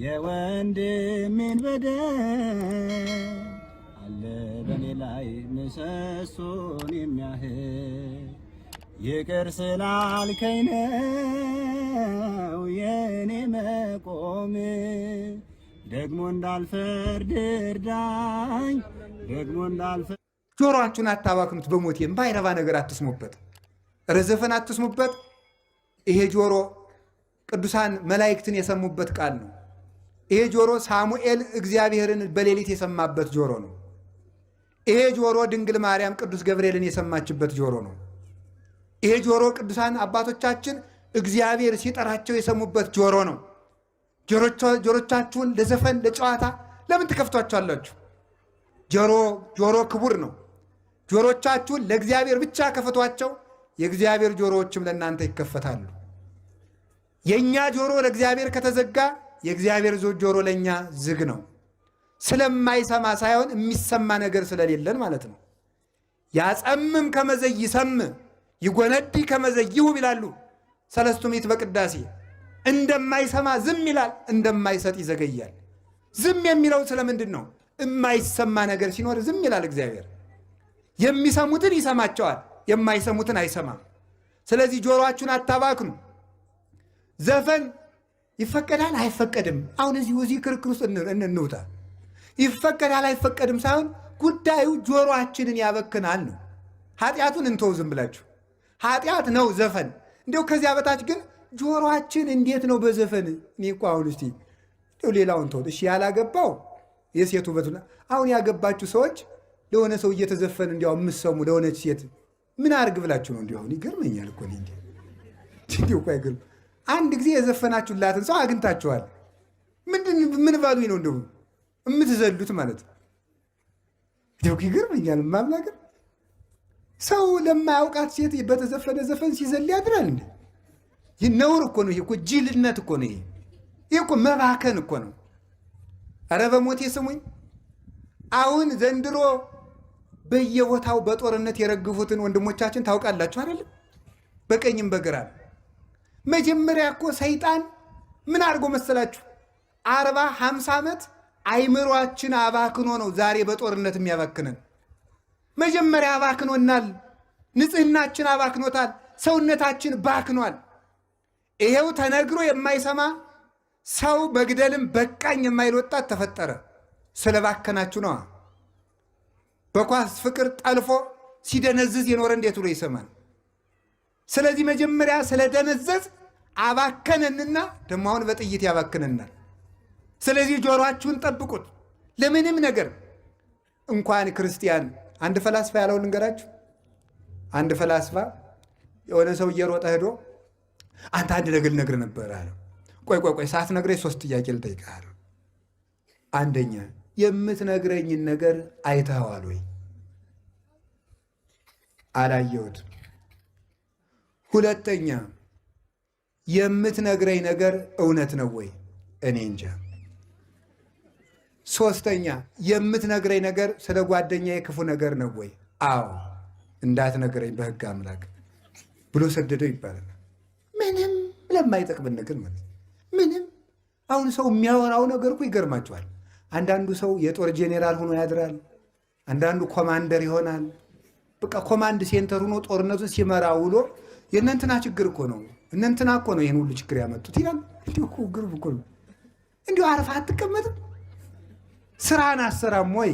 የወንድሜን በደል አለ በኔ ላይ ምሰሶን የሚያህል ይቅር ስላልከኝ ነው የኔ መቆም። ደግሞ እንዳልፈርድ እርዳኝ፣ ደግሞ እንዳልፈርድ። ጆሮአችሁን አታባክኑት በሞቴ የማይረባ ነገር አትስሙበት፣ ረዘፈን አትስሙበት። ይሄ ጆሮ ቅዱሳን መላእክትን የሰሙበት ቃል ነው። ይሄ ጆሮ ሳሙኤል እግዚአብሔርን በሌሊት የሰማበት ጆሮ ነው። ይሄ ጆሮ ድንግል ማርያም ቅዱስ ገብርኤልን የሰማችበት ጆሮ ነው። ይሄ ጆሮ ቅዱሳን አባቶቻችን እግዚአብሔር ሲጠራቸው የሰሙበት ጆሮ ነው። ጆሮቻችሁን ለዘፈን ለጨዋታ ለምን ትከፍቷቸዋላችሁ? ጆሮ ጆሮ ክቡር ነው። ጆሮቻችሁን ለእግዚአብሔር ብቻ ከፈቷቸው፣ የእግዚአብሔር ጆሮዎችም ለእናንተ ይከፈታሉ። የእኛ ጆሮ ለእግዚአብሔር ከተዘጋ የእግዚአብሔር ጆሮ ለእኛ ዝግ ነው። ስለማይሰማ ሳይሆን የሚሰማ ነገር ስለሌለን ማለት ነው። ያጸምም ከመዘይ ይሰም ይጎነዲ ከመዘይ ይሁብ ይላሉ ሰለስቱ ምዕት በቅዳሴ እንደማይሰማ ዝም ይላል፣ እንደማይሰጥ ይዘገያል። ዝም የሚለው ስለምንድን ነው? የማይሰማ ነገር ሲኖር ዝም ይላል እግዚአብሔር። የሚሰሙትን ይሰማቸዋል፣ የማይሰሙትን አይሰማም። ስለዚህ ጆሮአችሁን አታባክኑ። ዘፈን ይፈቀዳል አይፈቀድም። አሁን እዚህ እዚህ ክርክር ውስጥ እንንውጣ። ይፈቀዳል አይፈቀድም ሳይሆን ጉዳዩ ጆሮአችንን ያበክናል ነው። ኃጢአቱን እንተው ዝም ብላችሁ ኃጢአት ነው ዘፈን። እንዲያው ከዚያ በታች ግን ጆሮአችን እንዴት ነው በዘፈን? እኔ እኮ አሁን እስቲ ሌላውን ተውት እሺ። ያላገባው የሴቱ ውበት አሁን ያገባችሁ ሰዎች ለሆነ ሰው እየተዘፈን እንዲያው የምሰሙ ለሆነች ሴት ምን አርግ ብላችሁ ነው? እንዲሁ አሁን ይገርመኛል እኮ እንዲ አንድ ጊዜ የዘፈናችሁላትን ሰው አግኝታችኋል። ምንድን ምን ባሉ ነው እንደው የምትዘሉት ማለት ነው። ይገርመኛል። ማምላገር ሰው ለማያውቃት ሴት በተዘፈነ ዘፈን ሲዘል ያድራል እንደ ይህ ነውር እኮ ነው። ይሄ እኮ ጅልነት እኮ ነው። ይሄ ይህ እኮ መባከን እኮ ነው። ኧረ በሞቴ ስሙኝ። አሁን ዘንድሮ በየቦታው በጦርነት የረግፉትን ወንድሞቻችን ታውቃላችሁ አይደለም? በቀኝም በግራም መጀመሪያ እኮ ሰይጣን ምን አድርጎ መሰላችሁ? አርባ ሀምሳ ዓመት አይምሯችን አባክኖ ነው ዛሬ በጦርነት የሚያባክነን። መጀመሪያ አባክኖናል። ንጽህናችን አባክኖታል። ሰውነታችን ባክኗል። ይሄው ተነግሮ የማይሰማ ሰው በግደልም በቃኝ የማይል ወጣት ተፈጠረ። ስለ ባከናችሁ ነዋ። በኳስ ፍቅር ጠልፎ ሲደነዝዝ የኖረ እንዴት ብሎ ይሰማል? ስለዚህ መጀመሪያ ስለደነዘዝ አባከነንና ደሞ አሁን በጥይት ያባክነናል። ስለዚህ ጆሮአችሁን ጠብቁት። ለምንም ነገር እንኳን ክርስቲያን አንድ ፈላስፋ ያለው ልንገራችሁ። አንድ ፈላስፋ የሆነ ሰው እየሮጠ ሄዶ አንተ አንድ ነገር ነግር ነበር አለው። ቆይ ቆይ ቆይ ነግረኝ ሶስት ጥያቄ ልጠይቅህ አንደኛ የምትነግረኝን ነገር አይተኸዋል ወይ? አላየሁትም ሁለተኛ የምትነግረኝ ነገር እውነት ነው ወይ? እኔ እንጃ። ሶስተኛ የምትነግረኝ ነገር ስለ ጓደኛ የክፉ ነገር ነው ወይ? አዎ እንዳትነግረኝ በህግ አምላክ ብሎ ሰደደው ይባላል። ምንም ለማይጠቅምን ነገር ማለት ምንም። አሁን ሰው የሚያወራው ነገር እኮ ይገርማቸዋል። አንዳንዱ ሰው የጦር ጄኔራል ሆኖ ያድራል። አንዳንዱ ኮማንደር ይሆናል። በቃ ኮማንድ ሴንተር ሆኖ ጦርነቱን ሲመራ ውሎ የእነንትና ችግር እኮ ነው እነንትና እኮ ነው ይህን ሁሉ ችግር ያመጡት ይላል። እንዲሁ እኮ ግሩብ እኮ ነው። እንዲሁ አረፋ አትቀመጥም? ስራን አሰራም ወይ?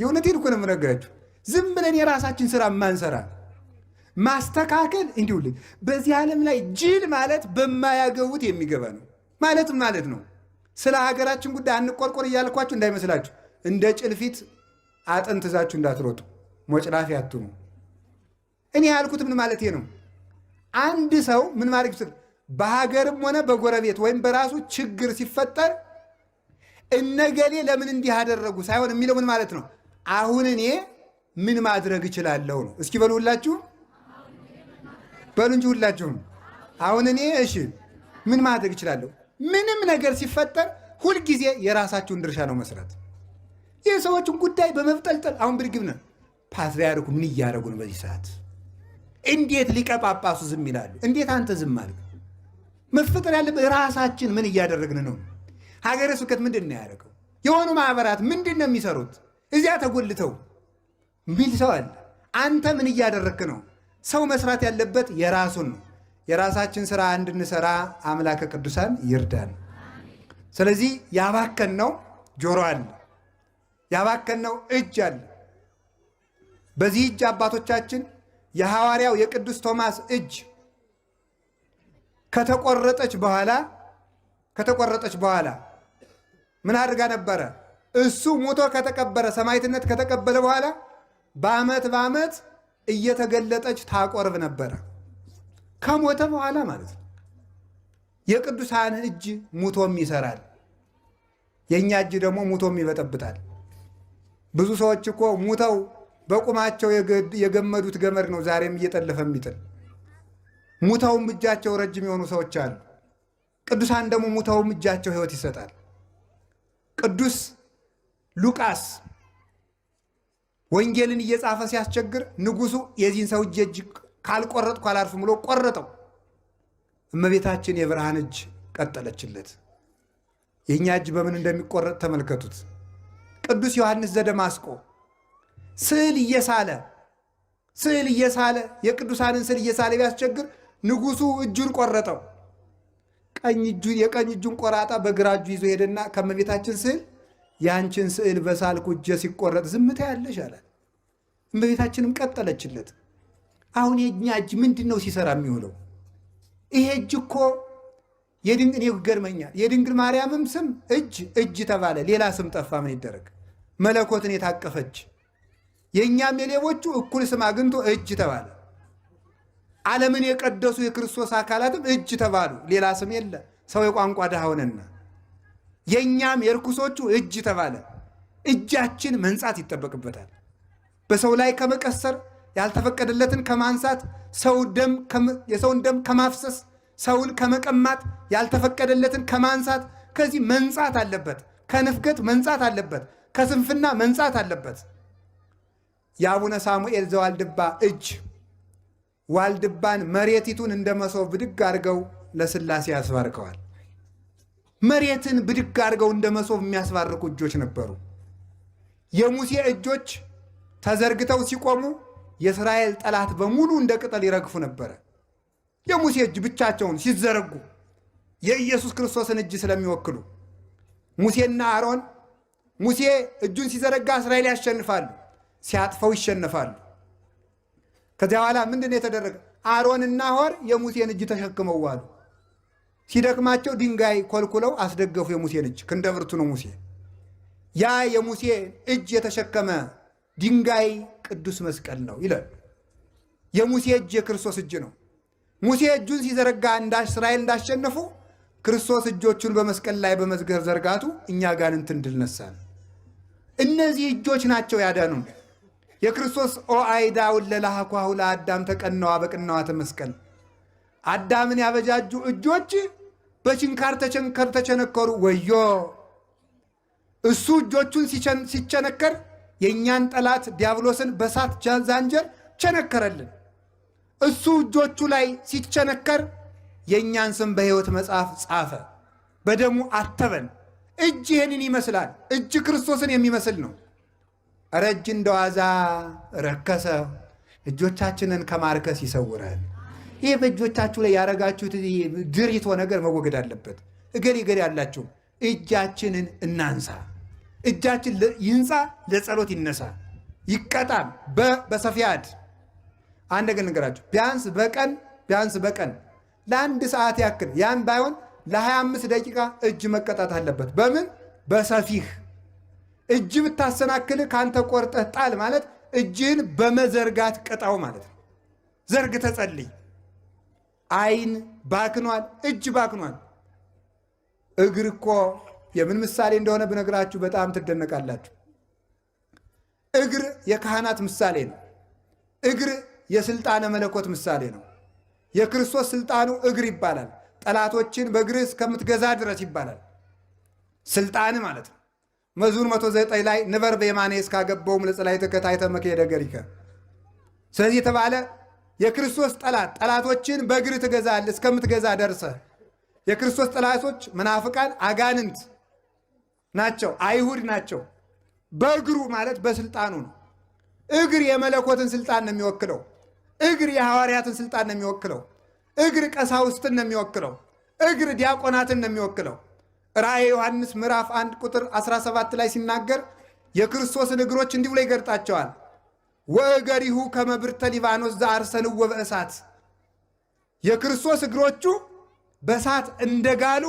የእውነቴን እኮ ነው የምነግራችሁ። ዝም ብለን የራሳችን ስራ ማንሰራ ማስተካከል እንዲሁ በዚህ ዓለም ላይ ጅል ማለት በማያገቡት የሚገባ ነው ማለት ማለት ነው። ስለ ሀገራችን ጉዳይ አንቆርቆር እያልኳችሁ እንዳይመስላችሁ። እንደ ጭልፊት አጥንት ዛችሁ እንዳትሮጡ፣ ሞጭላፊ አትኑ። እኔ ያልኩት ምን ማለት ነው? አንድ ሰው ምን ማድረግ ይችላል? በሀገርም ሆነ በጎረቤት ወይም በራሱ ችግር ሲፈጠር እነገሌ ለምን እንዲህ አደረጉ ሳይሆን የሚለው ምን ማለት ነው? አሁን እኔ ምን ማድረግ እችላለሁ ነው። እስኪ በሉ ሁላችሁ በሉ እንጂ ሁላችሁም አሁን እኔ እሺ ምን ማድረግ እችላለሁ? ምንም ነገር ሲፈጠር ሁልጊዜ የራሳችሁን ድርሻ ነው መስራት። የሰዎችን ጉዳይ በመብጠልጠል አሁን ብርግብ ነ ፓትሪያርኩ ምን እያደረጉ ነው በዚህ ሰዓት? እንዴት ሊቀ ጳጳሱ ዝም ይላሉ? እንዴት አንተ ዝም አልክ? መፈጠር ያለበት ራሳችን ምን እያደረግን ነው? ሀገረ ስብከት ምንድን ነው ያደረገው? የሆኑ ማህበራት ምንድን ነው የሚሰሩት? እዚያ ተጎልተው ሚል ሰው አለ። አንተ ምን እያደረግክ ነው? ሰው መስራት ያለበት የራሱን ነው። የራሳችን ስራ እንድንሰራ አምላከ ቅዱሳን ይርዳን። ስለዚህ ነው ጆሮ አለ፣ ነው እጅ አለ። በዚህ እጅ አባቶቻችን የሐዋርያው የቅዱስ ቶማስ እጅ ከተቆረጠች በኋላ ከተቆረጠች በኋላ ምን አድርጋ ነበረ? እሱ ሞቶ ከተቀበረ ሰማዕትነት ከተቀበለ በኋላ በዓመት በዓመት እየተገለጠች ታቆርብ ነበረ። ከሞተ በኋላ ማለት ነው። የቅዱሳን እጅ ሙቶም ይሰራል፣ የእኛ እጅ ደግሞ ሙቶም ይበጠብጣል። ብዙ ሰዎች እኮ ሙተው በቁማቸው የገመዱት ገመድ ነው ዛሬም እየጠለፈ የሚጥል። ሙተውም እጃቸው ረጅም የሆኑ ሰዎች አሉ። ቅዱሳን ደግሞ ሙተውም እጃቸው ሕይወት ይሰጣል። ቅዱስ ሉቃስ ወንጌልን እየጻፈ ሲያስቸግር ንጉሱ የዚህን ሰው እጅ እጅ ካልቆረጥኩ አላርፍም ብሎ ቆረጠው። እመቤታችን የብርሃን እጅ ቀጠለችለት። የእኛ እጅ በምን እንደሚቆረጥ ተመልከቱት። ቅዱስ ዮሐንስ ዘደማስቆ ስዕል እየሳለ ስዕል እየሳለ የቅዱሳንን ስዕል እየሳለ ቢያስቸግር ንጉሱ እጁን ቆረጠው። ቀኝ የቀኝ እጁን ቆራጣ በግራ እጁ ይዞ ሄደና ከመቤታችን ስዕል ያንቺን ስዕል በሳልኩ እጀ ሲቆረጥ ዝምታ ያለሽ አላት። እመቤታችንም ቀጠለችለት። አሁን የኛ እጅ ምንድን ነው ሲሰራ የሚውለው? ይሄ እጅ እኮ የድንግል ይገርመኛል። የድንግል ማርያምም ስም እጅ እጅ ተባለ፣ ሌላ ስም ጠፋ። ምን ይደረግ? መለኮትን የታቀፈች የእኛም የሌቦቹ እኩል ስም አግኝቶ እጅ ተባለ። ዓለምን የቀደሱ የክርስቶስ አካላትም እጅ ተባሉ። ሌላ ስም የለ። ሰው የቋንቋ ድሃ ሆነና የእኛም የርኩሶቹ እጅ ተባለ። እጃችን መንጻት ይጠበቅበታል። በሰው ላይ ከመቀሰር፣ ያልተፈቀደለትን ከማንሳት፣ የሰውን ደም ከማፍሰስ፣ ሰውን ከመቀማት፣ ያልተፈቀደለትን ከማንሳት ከዚህ መንጻት አለበት። ከንፍገት መንጻት አለበት። ከስንፍና መንጻት አለበት። የአቡነ ሳሙኤል ዘዋልድባ እጅ ዋልድባን መሬቲቱን እንደ መሶብ ብድግ አድርገው ለስላሴ ያስባርከዋል። መሬትን ብድግ አድርገው እንደ መሶብ የሚያስባርኩ እጆች ነበሩ። የሙሴ እጆች ተዘርግተው ሲቆሙ የእስራኤል ጠላት በሙሉ እንደ ቅጠል ይረግፉ ነበረ። የሙሴ እጅ ብቻቸውን ሲዘረጉ የኢየሱስ ክርስቶስን እጅ ስለሚወክሉ ሙሴና አሮን ሙሴ እጁን ሲዘረጋ እስራኤል ያሸንፋሉ። ሲያጥፈው ይሸነፋሉ። ከዚያ በኋላ ምንድን የተደረገ? አሮንና ሆር የሙሴን እጅ ተሸክመው አሉ። ሲደክማቸው ድንጋይ ኮልኩለው አስደገፉ። የሙሴን እጅ ክንደብርቱ ነው ሙሴ። ያ የሙሴ እጅ የተሸከመ ድንጋይ ቅዱስ መስቀል ነው ይላል። የሙሴ እጅ የክርስቶስ እጅ ነው። ሙሴ እጁን ሲዘረጋ እስራኤል እንዳሸነፉ ክርስቶስ እጆቹን በመስቀል ላይ በመዝገር ዘርጋቱ እኛ እንትን ድል ነሳን። እነዚህ እጆች ናቸው ያዳኑን። የክርስቶስ ኦ አይዳ ውለላሃኳሁ ለአዳም ተቀነዋ በቅነዋ ተመስቀል አዳምን ያበጃጁ እጆች በችንካር ተቸንከር ተቸነከሩ። ወዮ እሱ እጆቹን ሲቸነከር የእኛን ጠላት ዲያብሎስን በሳት ዛንጀር ቸነከረልን። እሱ እጆቹ ላይ ሲቸነከር የእኛን ስም በሕይወት መጽሐፍ ጻፈ፣ በደሙ አተበን። እጅ ይህንን ይመስላል። እጅ ክርስቶስን የሚመስል ነው። ረጅ እንደዋዛ ረከሰ እጆቻችንን ከማርከስ ይሰውረን። ይህ በእጆቻችሁ ላይ ያረጋችሁት ድሪቶ ነገር መወገድ አለበት። እገሌ እገሌ ያላችሁ እጃችንን እናንሳ። እጃችን ይንፃ፣ ለጸሎት ይነሳ፣ ይቀጣም። በሰፊያድ አንድ ነገር ነገራችሁ ቢያንስ በቀን ቢያንስ በቀን ለአንድ ሰዓት ያክል ያን ባይሆን ለ25 ደቂቃ እጅ መቀጣት አለበት። በምን በሰፊህ እጅ ብታሰናክልህ ከአንተ ቆርጠህ ጣል ማለት እጅህን በመዘርጋት ቅጣው ማለት ነው። ዘርግ ተጸልይ። አይን ባክኗል፣ እጅ ባክኗል። እግር እኮ የምን ምሳሌ እንደሆነ ብነግራችሁ በጣም ትደነቃላችሁ። እግር የካህናት ምሳሌ ነው። እግር የስልጣነ መለኮት ምሳሌ ነው። የክርስቶስ ስልጣኑ እግር ይባላል። ጠላቶችን በእግር እስከምትገዛ ድረስ ይባላል። ስልጣን ማለት ነው። መዝሙር 109 ላይ ንበር በየማኔ እስካገባውም ለጸላእተ ተከታይተ መክሄደ እገሪከ። ስለዚህ የተባለ የክርስቶስ ጠላት ጠላቶችን በእግር ትገዛል እስከምትገዛ ደርሰ። የክርስቶስ ጠላቶች መናፍቃን፣ አጋንንት ናቸው፣ አይሁድ ናቸው። በእግሩ ማለት በስልጣኑ ነው። እግር የመለኮትን ስልጣን ነው የሚወክለው። እግር የሐዋርያትን ስልጣን ነው የሚወክለው። እግር ቀሳውስትን ነው የሚወክለው። እግር ዲያቆናትን ነው የሚወክለው። ራእየ ዮሐንስ ምዕራፍ 1 ቁጥር 17 ላይ ሲናገር የክርስቶስን እግሮች እንዲህ ብሎ ይገልጣቸዋል። ወእገሪሁ ከመብርተ ሊባኖስ ዘአርሰንዎ በእሳት የክርስቶስ እግሮቹ በእሳት እንደጋሉ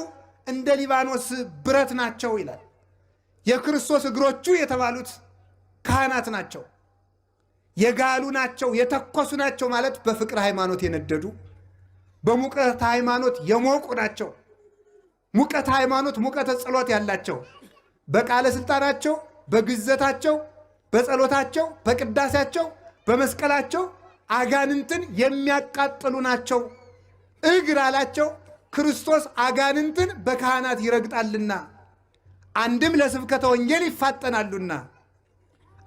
እንደ ሊባኖስ ብረት ናቸው ይላል። የክርስቶስ እግሮቹ የተባሉት ካህናት ናቸው። የጋሉ ናቸው፣ የተኮሱ ናቸው ማለት በፍቅር ሃይማኖት የነደዱ በሙቀት ሃይማኖት የሞቁ ናቸው። ሙቀት ሃይማኖት፣ ሙቀት ጸሎት ያላቸው በቃለ ስልጣናቸው፣ በግዘታቸው፣ በጸሎታቸው፣ በቅዳሴያቸው፣ በመስቀላቸው አጋንንትን የሚያቃጥሉ ናቸው። እግር አላቸው ክርስቶስ አጋንንትን በካህናት ይረግጣልና አንድም ለስብከተ ወንጌል ይፋጠናሉና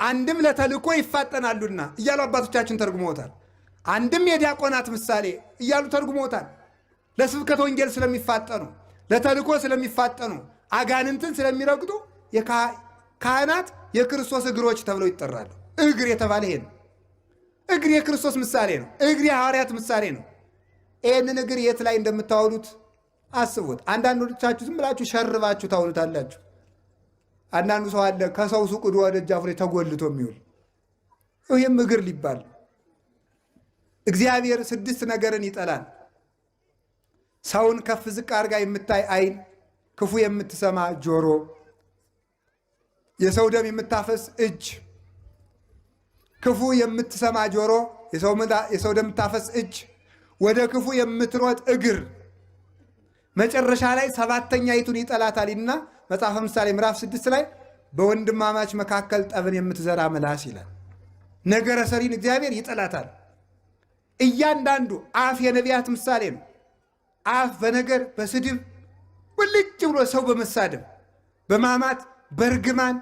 አንድም ለተልእኮ ይፋጠናሉና እያሉ አባቶቻችን ተርጉመውታል። አንድም የዲያቆናት ምሳሌ እያሉ ተርጉመውታል። ለስብከተ ወንጌል ስለሚፋጠኑ ለተልኮ ስለሚፋጠኑ አጋንንትን ስለሚረግጡ ካህናት የክርስቶስ እግሮች ተብለው ይጠራሉ። እግር የተባለ ይሄ ነው። እግር የክርስቶስ ምሳሌ ነው። እግር የሐዋርያት ምሳሌ ነው። ይህንን እግር የት ላይ እንደምታውሉት አስቡት። አንዳንዶቻችሁ ዝም ብላችሁ ሸርባችሁ ታውሉታላችሁ። አንዳንዱ ሰው አለ ከሰው ሱቅ ዶ ደጃፉ ላይ ተጎልቶ የሚውል ይህም እግር ሊባል እግዚአብሔር ስድስት ነገርን ይጠላል። ሰውን ከፍ ዝቅ አድርጋ የምታይ አይን ክፉ የምትሰማ ጆሮ፣ የሰው ደም የምታፈስ እጅ። ክፉ የምትሰማ ጆሮ፣ የሰው ደም የምታፈስ እጅ፣ ወደ ክፉ የምትሮጥ እግር። መጨረሻ ላይ ሰባተኛይቱን ይጠላታልና መጽሐፈ ምሳሌ ምዕራፍ ስድስት ላይ በወንድማማች መካከል ጠብን የምትዘራ ምላስ ይላል። ነገረ ሰሪን እግዚአብሔር ይጠላታል። እያንዳንዱ አፍ የነቢያት ምሳሌ ነው። አፍ በነገር በስድብ ብልጭ ብሎ ሰው በመሳደብ በማማት በርግማን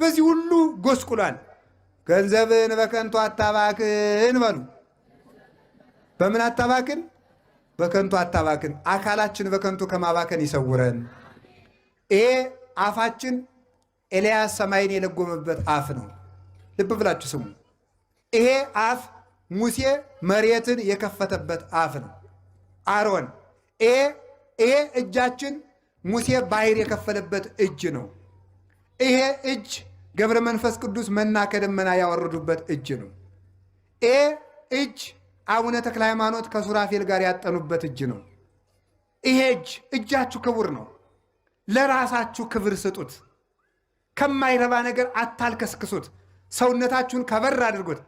በዚህ ሁሉ ጎስቁሏል። ገንዘብን በከንቱ አታባክን በሉ። በምን አታባክን? በከንቱ አታባክን። አካላችን በከንቱ ከማባከን ይሰውረን። ይሄ አፋችን ኤልያስ ሰማይን የለጎመበት አፍ ነው። ልብ ብላችሁ ስሙ። ይሄ አፍ ሙሴ መሬትን የከፈተበት አፍ ነው። አሮን ኤ ኤ እጃችን ሙሴ ባህር የከፈለበት እጅ ነው። ይሄ እጅ ገብረ መንፈስ ቅዱስ መና ከደመና ያወረዱበት እጅ ነው። ኤ እጅ አቡነ ተክለ ሃይማኖት ከሱራፌል ጋር ያጠኑበት እጅ ነው። ይሄ እጅ እጃችሁ ክቡር ነው። ለራሳችሁ ክብር ስጡት። ከማይረባ ነገር አታልከስክሱት። ሰውነታችሁን ከበር አድርጉት።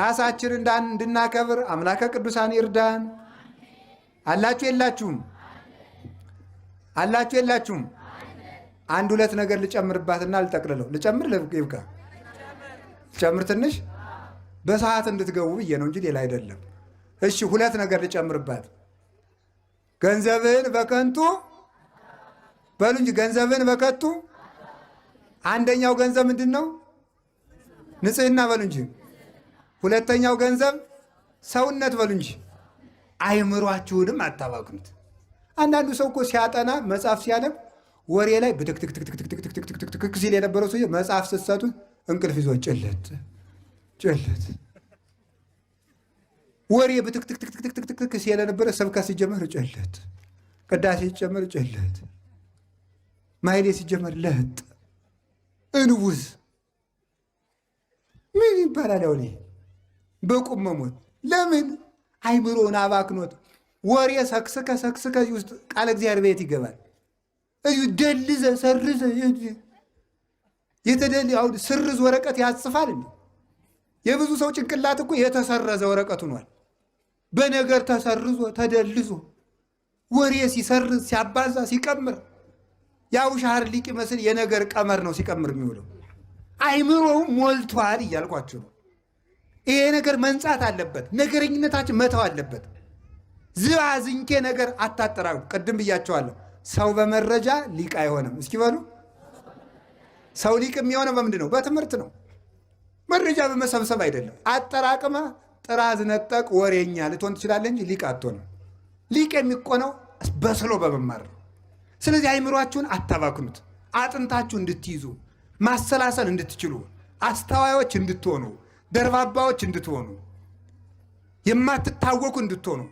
ራሳችን እንድናከብር አምላከ ቅዱሳን ይርዳን። አላችሁ የላችሁም? አላችሁ የላችሁም? አንድ ሁለት ነገር ልጨምርባትና ልጠቅልለው። ልጨምር ይብቃ? ልጨምር ትንሽ በሰዓት እንድትገቡ ብዬ ነው እንጂ ሌላ አይደለም። እሺ ሁለት ነገር ልጨምርባት። ገንዘብህን በከንቱ በሉ እንጂ ገንዘብህን በከንቱ። አንደኛው ገንዘብ ምንድን ነው? ንጽህና በሉ እንጂ። ሁለተኛው ገንዘብ ሰውነት በሉ እንጂ አይምሯችሁንም አታባክኑት። አንዳንዱ ሰው እኮ ሲያጠና መጽሐፍ ሲያነብ ወሬ ላይ ብትክትክትክትክትክትክትክትክ ሲል የነበረው ሰው መጽሐፍ ስትሰጡ እንቅልፍ ይዞ ጭለት ጭለት ወሬ ብትክትክትክትክትክ ሲል የነበረ ሰብካ ሲጀመር ጭለት፣ ቅዳሴ ሲጀመር ጭለት፣ ማይሌ ሲጀመር ለጥ እንቡዝ ምን ይባላል? ያው በቁም መሞት ለምን አይምሮን አባክኖት ወሬ ሰክስከ ሰክስከ እዚህ ውስጥ ቃለ እግዚአብሔር ቤት ይገባል። እዩ ደልዘ ሰርዘ የተደል አሁን ስርዝ ወረቀት ያጽፋል እንዴ? የብዙ ሰው ጭንቅላት እኮ የተሰረዘ ወረቀት ሆኗል። በነገር ተሰርዞ ተደልዞ ወሬ ሲሰርዝ ሲያባዛ ሲቀምር ያው ሻር ሊቅ መስል የነገር ቀመር ነው ሲቀምር የሚውለው። አይምሮው ሞልቷል እያልኳቸው ነው። ይሄ ነገር መንጻት አለበት። ነገረኝነታችን መተው አለበት። ዝባዝንኬ ነገር አታጠራቅም። ቅድም ብያቸዋለሁ። ሰው በመረጃ ሊቅ አይሆንም። እስኪ በሉ ሰው ሊቅ የሚሆነው በምንድን ነው? በትምህርት ነው። መረጃ በመሰብሰብ አይደለም። አጠራቅመ ጥራዝ ነጠቅ ወሬኛ ልትሆን ትችላለህ እንጂ ሊቅ አትሆንም። ሊቅ የሚቆነው በስሎ በመማር ነው። ስለዚህ አይምሯችሁን አታባክኑት። አጥንታችሁ እንድትይዙ ማሰላሰል እንድትችሉ አስተዋዮች እንድትሆኑ ደርባባዎች እንድትሆኑ የማትታወቁ እንድትሆኑ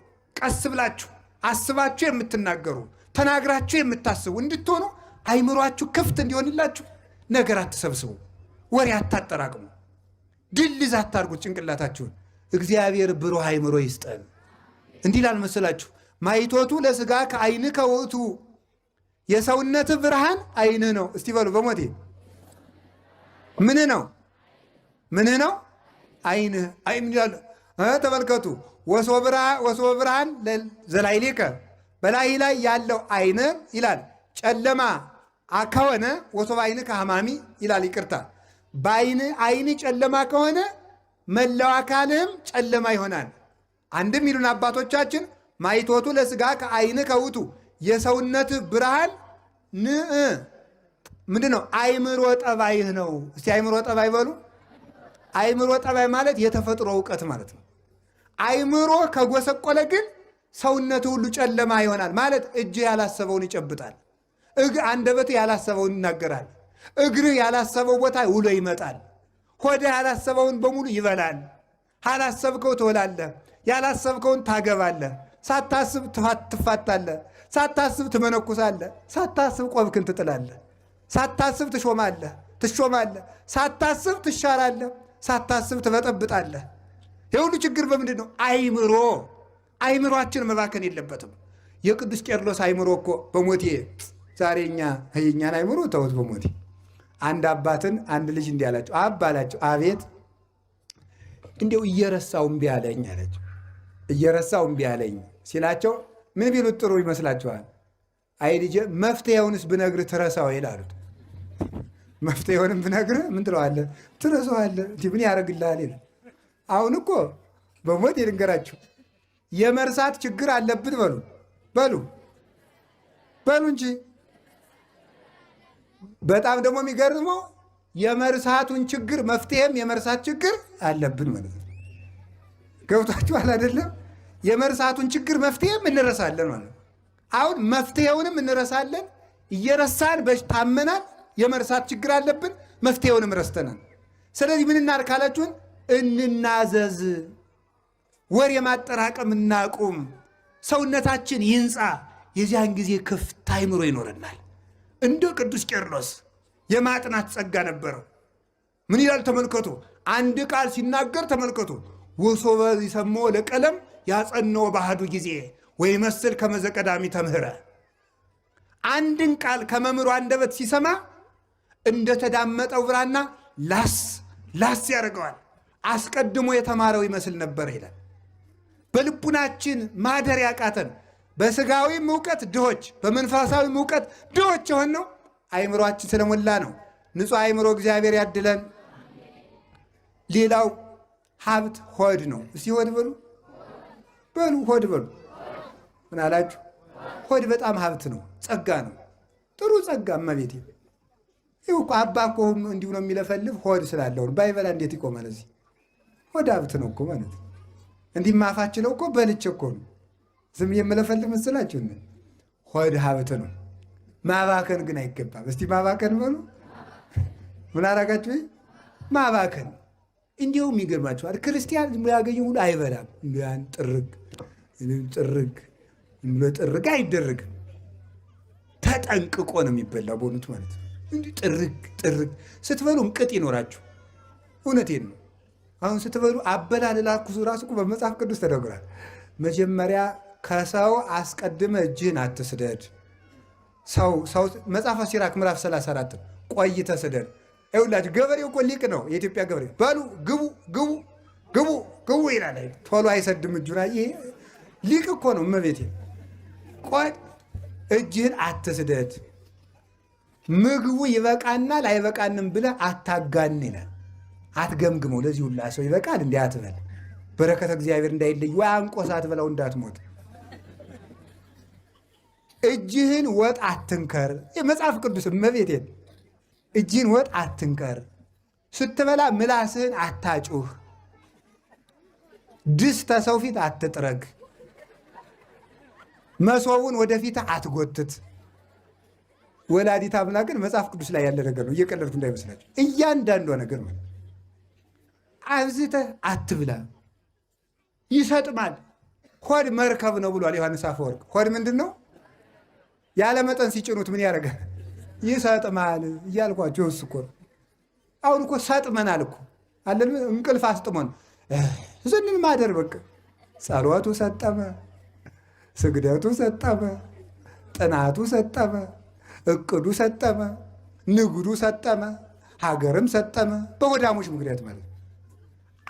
ቀስ ብላችሁ አስባችሁ የምትናገሩ ተናግራችሁ የምታስቡ እንድትሆኑ አይምሯችሁ ክፍት እንዲሆንላችሁ ነገር አትሰብስቡ፣ ወሬ አታጠራቅሙ፣ ድልዝ አታርጉት ጭንቅላታችሁን። እግዚአብሔር ብሩህ አይምሮ ይስጠን። እንዲህ ላልመስላችሁ ማይቶቱ ለስጋ ከአይን ከውእቱ የሰውነት ብርሃን አይንህ ነው። እስቲ በሉ በሞቴ ምን ነው? ምን ነው? አይንህ አይምኛል ተመልከቱ ወሶበ ብርሃን ዘላዕሌከ በላይ ላይ ያለው አይን ይላል ጨለማ ከሆነ ወሶበ አይን ከህማሚ ይላል። ይቅርታ በአይን አይን ጨለማ ከሆነ መላው አካልህም ጨለማ ይሆናል። አንድም ይሉን አባቶቻችን ማይቶቱ ለስጋ ከአይን ከውቱ የሰውነት ብርሃን ን ምንድን ነው? አይምሮ ጠባይህ ነው። እስቲ አይምሮ ጠባይ በሉ አይምሮ ጠባይ ማለት የተፈጥሮ እውቀት ማለት ነው። አይምሮ ከጎሰቆለ ግን ሰውነቱ ሁሉ ጨለማ ይሆናል። ማለት እጅህ ያላሰበውን ይጨብጣል፣ እግ አንደበትህ ያላሰበውን ይናገራል፣ እግርህ ያላሰበው ቦታ ውሎ ይመጣል፣ ሆድህ ያላሰበውን በሙሉ ይበላል። ያላሰብከው ትወላለህ፣ ያላሰብከውን ታገባለህ፣ ሳታስብ ትፋታለህ፣ ሳታስብ ትመነኩሳለህ፣ ሳታስብ ቆብክን ትጥላለህ፣ ሳታስብ ትሾማለህ ትሾማለህ፣ ሳታስብ ትሻራለህ። ሳታስብ ትበጠብጣለህ። የሁሉ ችግር በምንድን ነው? አይምሮ አይምሯችን መባከን የለበትም። የቅዱስ ቄርሎስ አይምሮ እኮ በሞቴ ዛሬ እኛ የእኛን አይምሮ ተውት። በሞቴ አንድ አባትን አንድ ልጅ እንዲህ አላቸው። አባ አላቸው፣ አቤት እንዲው እየረሳው እምቢ አለኝ አላቸው። እየረሳው እምቢ አለኝ ሲላቸው ምን ቢሉት ጥሩ ይመስላችኋል? አይ ልጄ መፍትሄውንስ ብነግር ትረሳው ይላሉት። መፍትሄውንም ብነግርህ ምን ትለዋለህ? ትረሳዋለህ። እንዲህ ምን ያደርግልሃል? ይላል። አሁን እኮ በሞት የልንገራችሁ የመርሳት ችግር አለብን። በሉ በሉ በሉ እንጂ በጣም ደግሞ የሚገርመው የመርሳቱን ችግር መፍትሄም የመርሳት ችግር አለብን ማለት ነው። ገብቷችኋል አይደለም? የመርሳቱን ችግር መፍትሄም እንረሳለን ማለት ነው። አሁን መፍትሄውንም እንረሳለን። እየረሳን በታመናል የመርሳት ችግር አለብን። መፍትሄውንም ረስተናል። ስለዚህ ምን እናድርግ ካላችሁን፣ እንናዘዝ፣ ወሬ ማጠራቀም እናቁም፣ ሰውነታችን ይንጻ። የዚያን ጊዜ ክፍት አይምሮ ይኖረናል። እንደ ቅዱስ ቄርሎስ የማጥናት ጸጋ ነበረው። ምን ይላል ተመልከቱ። አንድ ቃል ሲናገር ተመልከቱ። ወሶበ ይሰሞ ለቀለም ያጸኖ ባህዱ ጊዜ ወይ መስል ከመዘቀዳሚ ተምህረ አንድን ቃል ከመምህሩ አንደበት ሲሰማ እንደተዳመጠው ብራና ላስ ላስ ያደርገዋል። አስቀድሞ የተማረው ይመስል ነበር ይላል። በልቡናችን ማደር ያቃተን በስጋዊ እውቀት ድሆች በመንፈሳዊ እውቀት ድሆች ነው አይምሮአችን ስለሞላ ነው። ንጹህ አይምሮ እግዚአብሔር ያድለን። ሌላው ሀብት ሆድ ነው። እስቲ ሆድ በሉ በሉ ሆድ በሉ ምን አላችሁ? ሆድ በጣም ሀብት ነው፣ ጸጋ ነው፣ ጥሩ ጸጋ እመቤቴ ይኸው እኮ አባ እኮ እንዲሁ ነው የሚለፈልፍ ሆድ ስላለውን ባይበላ እንዴት ይቆማል? እዚህ ሆድ ሀብት ነው እኮ ማለት ነው። እንዲህ ማፋችለው እኮ በልቼ እኮ ነው ዝም የምለፈልፍ ምስላችሁ። ሆድ ሀብት ነው፣ ማባከን ግን አይገባም። እስቲ ማባከን በሉ ምን አረጋችሁ? ማባከን እንዲሁም ይገርማችኋል። ክርስቲያን ያገኘ ሁሉ አይበላም። ያን ጥርግ ጥርግ ጥርግ አይደረግም። ተጠንቅቆ ነው የሚበላ በሆኑት ማለት ነው። እንዲህ ጥርግ ጥርግ ስትበሉም ቅጥ ይኖራችሁ። እውነቴን ነው። አሁን ስትበሉ አበላልላችሁ ራሱ በመጽሐፍ ቅዱስ ተደግሯል። መጀመሪያ ከሰው አስቀድመ እጅህን አትስደድ። ሰው ሰው መጽሐፈ ሲራክ ምዕራፍ 34 ቆይተ ስደድ። ይኸውላችሁ ገበሬው እኮ ሊቅ ነው። የኢትዮጵያ ገበሬ በሉ ግቡ ግቡ ግቡ ግቡ ይላል። ቶሎ አይሰድም እጁና ይሄ ሊቅ እኮ ነው። እመቤቴ ቆይ እጅህን አትስደድ። ምግቡ ይበቃናል አይበቃንም ብለህ አታጋን አትገምግመው። ለዚህ ሁላ ሰው ይበቃል እንዲህ አትበል። በረከተ እግዚአብሔር እንዳይለይ ወይ አንቆስ አትበላው እንዳትሞት። እጅህን ወጥ አትንከር። መጽሐፍ ቅዱስ መቤቴን እጅህን ወጥ አትንከር። ስትበላ ምላስህን አታጩህ። ድስ ተሰው ፊት አትጥረግ። መሶቡን ወደፊት አትጎትት። ወላዲት አምላክ ግን መጽሐፍ ቅዱስ ላይ ያለ ነገር ነው። እየቀለድኩ እንዳይመስላችሁ። እያንዳንዷ ነገር ማለት አብዝተህ አትብላ፣ ይሰጥማል፣ ሆድ መርከብ ነው ብሏል ዮሐንስ አፈወርቅ። ሆድ ምንድን ነው? ያለ መጠን ሲጭኑት ምን ያደርጋል? ይሰጥማል እያልኳቸው እሱ እኮ አሁን እኮ ሰጥመናል እኮ አለን። እንቅልፍ አስጥሞን ዝንን ማደር በቃ ጸሎቱ ሰጠመ፣ ስግደቱ ሰጠመ፣ ጥናቱ ሰጠመ እቅዱ ሰጠመ፣ ንግዱ ሰጠመ፣ ሀገርም ሰጠመ። በሆዳሞች ምክንያት ማለት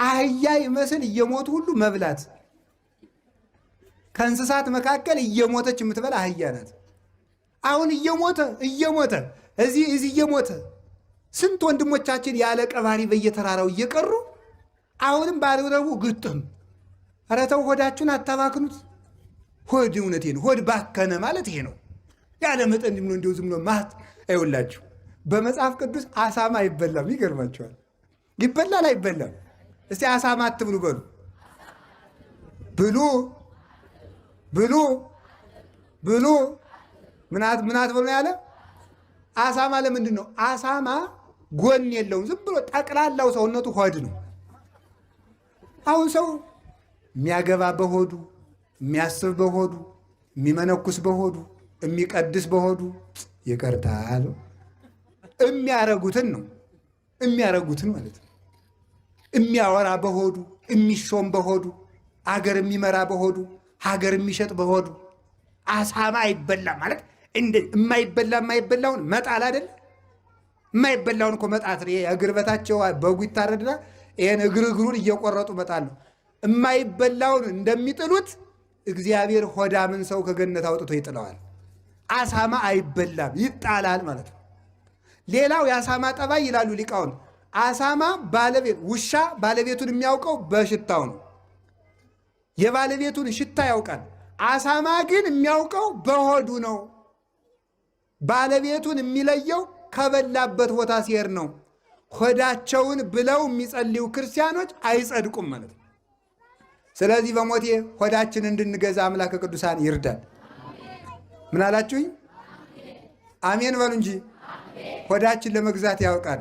አህያ ይመስል እየሞቱ ሁሉ መብላት ከእንስሳት መካከል እየሞተች የምትበላ አህያ ናት። አሁን እየሞተ እየሞተ እዚህ እዚህ እየሞተ ስንት ወንድሞቻችን ያለ ቀባሪ በየተራራው እየቀሩ አሁንም ባልረቡ ግጥም። ኧረ ተው ሆዳችሁን አታባክኑት። ሆድ እውነቴ ሆድ ባከነ ማለት ይሄ ነው። ያለ መጠን ዝም እንዲሁ ዝም ብሎ ማት አይውላችሁ። በመጽሐፍ ቅዱስ አሳማ አይበላም። ይገርማቸዋል። ይበላል አይበላም? እስቲ አሳማ አትብሉ በሉ። ብሉ ብሉ ብሉ ምናት ምናት ብሎ ያለ አሳማ ለምንድን ነው? አሳማ ጎን የለውም። ዝም ብሎ ጠቅላላው ሰውነቱ ሆድ ነው። አሁን ሰው የሚያገባ በሆዱ የሚያስብ በሆዱ የሚመነኩስ በሆዱ የሚቀድስ በሆዱ ይቀርታል። የሚያረጉትን ነው የሚያረጉትን ማለት ነው። የሚያወራ በሆዱ የሚሾም በሆዱ አገር የሚመራ በሆዱ ሀገር የሚሸጥ በሆዱ አሳማ አይበላም ማለት እንደ የማይበላ የማይበላውን መጣል አይደለ? የማይበላውን እኮ መጣት ነው። እግር በታቸው በጉ ይታረድና ይህን እግር እግሩን እየቆረጡ መጣል ነው። የማይበላውን እንደሚጥሉት እግዚአብሔር ሆዳምን ሰው ከገነት አውጥቶ ይጥለዋል። አሳማ አይበላም ይጣላል ማለት ነው። ሌላው የአሳማ ጠባይ ይላሉ ሊቃውን፣ አሳማ ባለቤት ውሻ ባለቤቱን የሚያውቀው በሽታው ነው። የባለቤቱን ሽታ ያውቃል። አሳማ ግን የሚያውቀው በሆዱ ነው። ባለቤቱን የሚለየው ከበላበት ቦታ ሲሄድ ነው። ሆዳቸውን ብለው የሚጸልዩ ክርስቲያኖች አይጸድቁም ማለት ነው። ስለዚህ በሞቴ ሆዳችን እንድንገዛ አምላከ ቅዱሳን ይርዳል። ምን አላችሁኝ? አሜን በሉ እንጂ ሆዳችን ለመግዛት ያውቃል።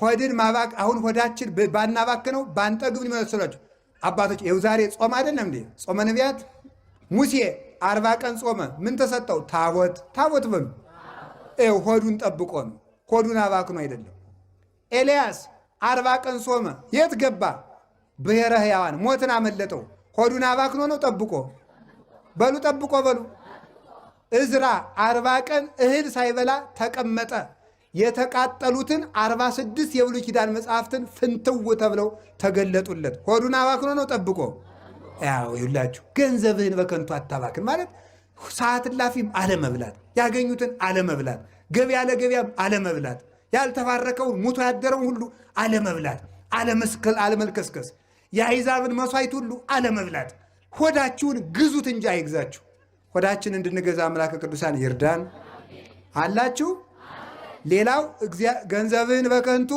ሆድን ማባክ አሁን ሆዳችን ባናባክ ነው ባንጠግብ ይመስላችሁ አባቶች። ይኸው ዛሬ ጾም አይደለም እንዴ? ጾመ ነቢያት ሙሴ አርባ ቀን ጾመ። ምን ተሰጠው? ታቦት ታቦት በሉ ሆዱን ጠብቆ ነው። ሆዱን አባክ ነው አይደለም። ኤልያስ አርባ ቀን ጾመ። የት ገባ? ብሔረ ሕያዋን ሞትን አመለጠው። ሆዱን አባክኖ ነው ጠብቆ በሉ ጠብቆ በሉ እዝራ አርባ ቀን እህል ሳይበላ ተቀመጠ። የተቃጠሉትን አርባ ስድስት የብሉይ ኪዳን መጽሐፍትን ፍንትው ተብለው ተገለጡለት። ሆዱን አባክኖ ነው ጠብቆ ያው ገንዘብህን በከንቱ አታባክን ማለት ሰዓት ላፊም አለመብላት፣ ያገኙትን አለመብላት፣ ገበያ ለገበያም አለመብላት፣ ያልተባረከውን ሙቶ ያደረውን ሁሉ አለመብላት፣ አለመልከስከስ፣ የአሕዛብን መሥዋዕት ሁሉ አለመብላት። ሆዳችሁን ግዙት እንጂ አይግዛችሁ። ሆዳችን እንድንገዛ አምላከ ቅዱሳን ይርዳን። አላችሁ። ሌላው ገንዘብን በከንቱ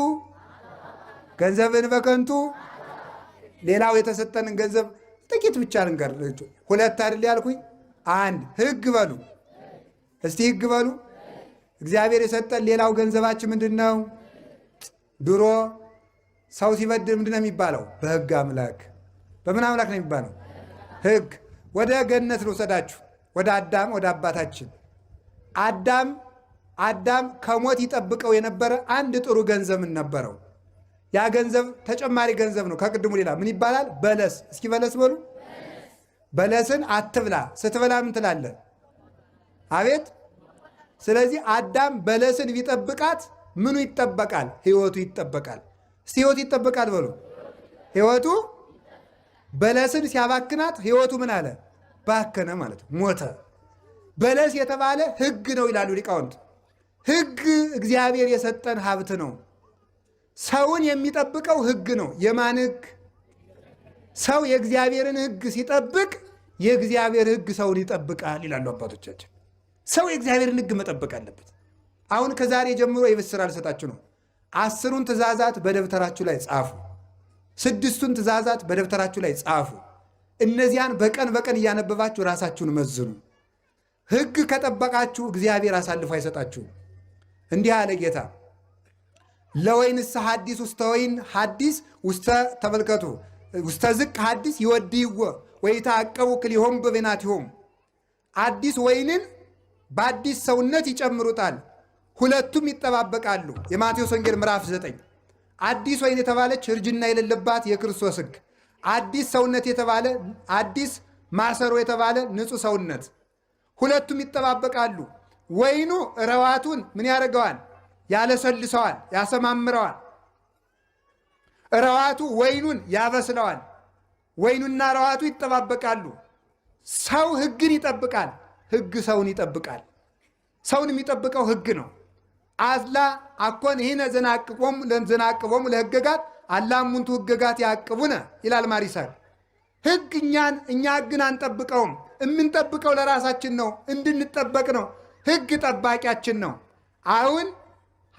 ገንዘብን በከንቱ ሌላው የተሰጠንን ገንዘብ ጥቂት ብቻ ልንገር። ሁለት አይደል ያልኩኝ? አንድ ህግ በሉ እስቲ ህግ በሉ። እግዚአብሔር የሰጠን ሌላው ገንዘባችን ምንድን ነው? ድሮ ሰው ሲበድል ምንድን ነው የሚባለው? በህግ አምላክ በምን አምላክ ነው የሚባለው? ህግ ወደ ገነት ልውሰዳችሁ። ወደ አዳም ወደ አባታችን አዳም አዳም ከሞት ይጠብቀው የነበረ አንድ ጥሩ ገንዘብ ነበረው። ያ ገንዘብ ተጨማሪ ገንዘብ ነው ከቅድሙ ሌላ ምን ይባላል? በለስ። እስኪ በለስ በሉ። በለስን አትብላ፣ ስትበላ ምን ትላለ? አቤት። ስለዚህ አዳም በለስን ቢጠብቃት ምኑ ይጠበቃል? ህይወቱ ይጠበቃል። እስቲ ህይወቱ ይጠበቃል በሉ። ህይወቱ በለስን ሲያባክናት ህይወቱ ምን አለ? ባከነ ማለት ሞተ። በለስ የተባለ ህግ ነው ይላሉ ሊቃውንት። ህግ እግዚአብሔር የሰጠን ሀብት ነው። ሰውን የሚጠብቀው ህግ ነው። የማን ህግ ሰው የእግዚአብሔርን ህግ ሲጠብቅ የእግዚአብሔር ህግ ሰውን ይጠብቃል ይላሉ አባቶቻችን። ሰው የእግዚአብሔርን ህግ መጠበቅ አለበት። አሁን ከዛሬ ጀምሮ የብስር አልሰጣችሁ ነው። አስሩን ትእዛዛት በደብተራችሁ ላይ ጻፉ። ስድስቱን ትእዛዛት በደብተራችሁ ላይ ጻፉ። እነዚያን በቀን በቀን እያነበባችሁ ራሳችሁን መዝኑ። ሕግ ከጠበቃችሁ እግዚአብሔር አሳልፎ አይሰጣችሁም። እንዲህ አለ ጌታ ለወይንስ ሐዲስ ውስተ ወይን ሐዲስ ውስተ ተመልከቱ ውስተ ዝቅ ሐዲስ ይወድይዎ ወይታቀቡ ክሊሆሙ በብናቲሆሙ አዲስ ወይንን በአዲስ ሰውነት ይጨምሩታል፣ ሁለቱም ይጠባበቃሉ። የማቴዎስ ወንጌል ምዕራፍ 9 አዲስ ወይን የተባለች እርጅና የሌለባት የክርስቶስ ሕግ አዲስ ሰውነት የተባለ አዲስ ማሰሮ የተባለ ንጹህ ሰውነት ሁለቱም ይጠባበቃሉ። ወይኑ ረዋቱን ምን ያደርገዋል? ያለሰልሰዋል፣ ያሰማምረዋል። ረዋቱ ወይኑን ያበስለዋል። ወይኑና ረዋቱ ይጠባበቃሉ። ሰው ሕግን ይጠብቃል፣ ሕግ ሰውን ይጠብቃል። ሰውን የሚጠብቀው ሕግ ነው። አዝላ አኮን ይህነ ዘናቅቦሙ ለሕገጋት አላሙንቱ ህገጋት ያቅቡነ ይላል ማሪሰር። ህግ እኛን እኛ ህግን አንጠብቀውም። የምንጠብቀው ለራሳችን ነው፣ እንድንጠበቅ ነው። ህግ ጠባቂያችን ነው። አሁን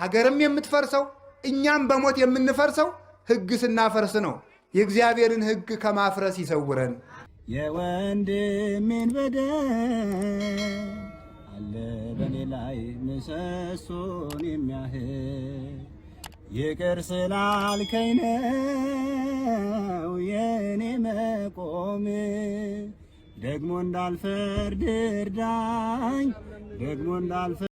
ሀገርም የምትፈርሰው እኛም በሞት የምንፈርሰው ህግ ስናፈርስ ነው። የእግዚአብሔርን ህግ ከማፍረስ ይሰውረን። የወንድሜን በደል አለ በኔ ላይ ምሰሶን የሚያህል ይቅር ስላልከኝ ነው የኔ መቆም። ደግሞ እንዳልፈርድ እርዳኝ ደግሞ